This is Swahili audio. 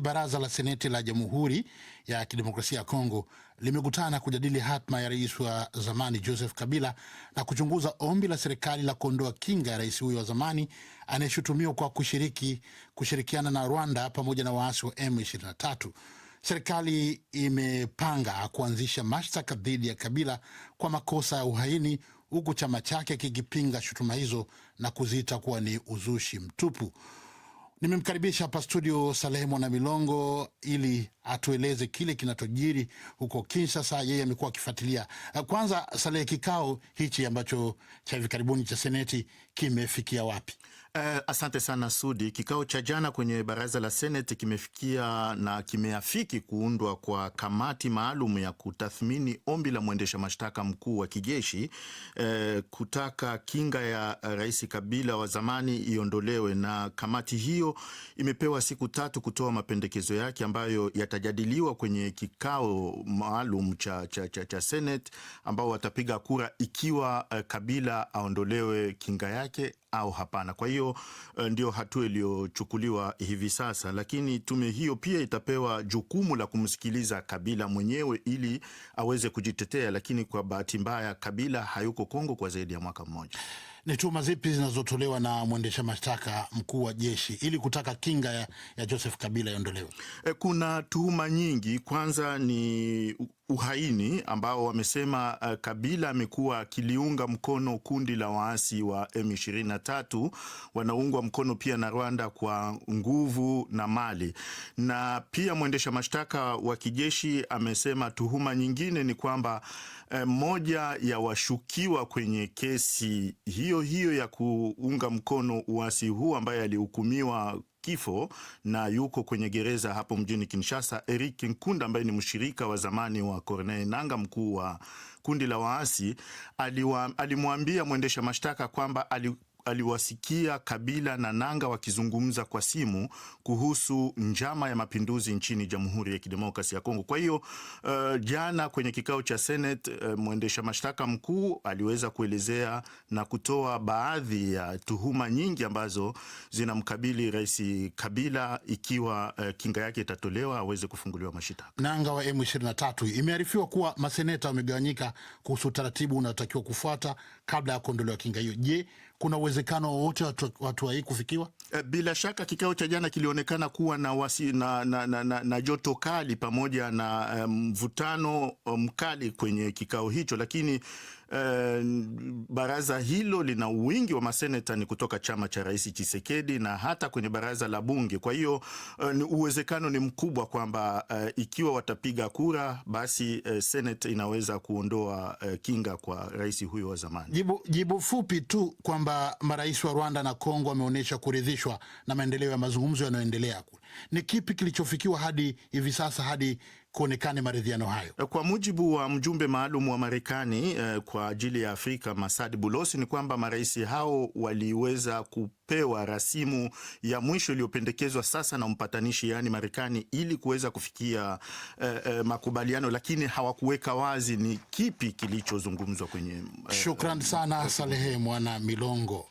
Baraza la Seneti la Jamhuri ya Kidemokrasia ya Kongo limekutana kujadili hatma ya rais wa zamani Joseph Kabila na kuchunguza ombi la serikali la kuondoa kinga ya rais huyo wa zamani anayeshutumiwa kwa kushiriki kushirikiana na Rwanda pamoja na waasi wa M23. Serikali imepanga kuanzisha mashtaka dhidi ya Kabila kwa makosa ya uhaini, huku chama chake kikipinga shutuma hizo na kuziita kuwa ni uzushi mtupu. Nimemkaribisha hapa studio Salehe Mwana Milongo ili atueleze kile kinachojiri huko Kinshasa. Yeye amekuwa akifuatilia. Eh, kwanza Salehe, kikao hichi ambacho cha hivi karibuni cha seneti kimefikia wapi? Uh, asante sana Sudi. Kikao cha jana kwenye baraza la Seneti kimefikia na kimeafiki kuundwa kwa kamati maalum ya kutathmini ombi la mwendesha mashtaka mkuu wa kijeshi uh, kutaka kinga ya Rais Kabila wa zamani iondolewe, na kamati hiyo imepewa siku tatu kutoa mapendekezo yake ambayo yatajadiliwa kwenye kikao maalum cha, cha, cha, cha Seneti ambao watapiga kura ikiwa uh, Kabila aondolewe kinga yake au hapana. Kwa hiyo eh, ndio hatua iliyochukuliwa hivi sasa, lakini tume hiyo pia itapewa jukumu la kumsikiliza Kabila mwenyewe ili aweze kujitetea, lakini kwa bahati mbaya Kabila hayuko Kongo kwa zaidi ya mwaka mmoja. Ni tuhuma zipi zinazotolewa na mwendesha mashtaka mkuu wa jeshi ili kutaka kinga ya, ya Joseph Kabila iondolewe? E, kuna tuhuma nyingi. Kwanza ni uhaini ambao wamesema uh, Kabila amekuwa akiliunga mkono kundi la waasi wa M23 wanaungwa mkono pia na Rwanda kwa nguvu na mali. Na pia mwendesha mashtaka wa kijeshi amesema tuhuma nyingine ni kwamba mmoja eh, ya washukiwa kwenye kesi hiyo hiyo ya kuunga mkono uasi huu ambaye alihukumiwa kifo na yuko kwenye gereza hapo mjini Kinshasa. Eric Nkunda ambaye ni mshirika wa zamani wa Corneille nanga mkuu wa kundi la waasi, alimwambia mwendesha mashtaka kwamba ali aliwasikia Kabila na Nanga wakizungumza kwa simu kuhusu njama ya mapinduzi nchini Jamhuri ya Kidemokrasia ya Kongo. Kwa hiyo uh, jana kwenye kikao cha Senate uh, mwendesha mashtaka mkuu aliweza kuelezea na kutoa baadhi ya tuhuma nyingi ambazo zinamkabili Rais Kabila ikiwa uh, kinga yake itatolewa aweze kufunguliwa mashitaka. Nanga wa M23 imearifiwa kuwa maseneta wamegawanyika kuhusu utaratibu unaotakiwa kufuata kabla ya kuondolewa kinga hiyo. Je, kuna uwezekano wowote watu, watu kufikiwa? Eh, bila shaka kikao cha jana kilionekana kuwa na, wasi, na, na, na, na, na joto kali pamoja na eh, mvutano um, mkali um, kwenye kikao hicho, lakini um, baraza hilo lina wingi wa maseneta ni kutoka chama cha Rais Chisekedi na hata kwenye baraza la bunge. Kwa hiyo uh, uwezekano ni mkubwa kwamba uh, ikiwa watapiga kura basi uh, Senate inaweza kuondoa uh, kinga kwa rais huyo wa zamani. Jibu, jibu fupi tu kwamba marais wa Rwanda na Kongo wameonyesha kuridhishwa kuridhishwa na maendeleo ya mazungumzo yanayoendelea kule. Ni kipi kilichofikiwa hadi hivi sasa hadi kuonekane maridhiano hayo? Eh, kwa mujibu wa mjumbe maalum wa Marekani eh, kwa ajili ya Afrika Masad Bulosi, ni kwamba marais hao waliweza kupewa rasimu ya mwisho iliyopendekezwa sasa na mpatanishi, yaani Marekani, ili kuweza kufikia eh, eh, makubaliano, lakini hawakuweka wazi ni kipi kilichozungumzwa kwenye eh, Shukran sana eh, Salehe Mwana Milongo.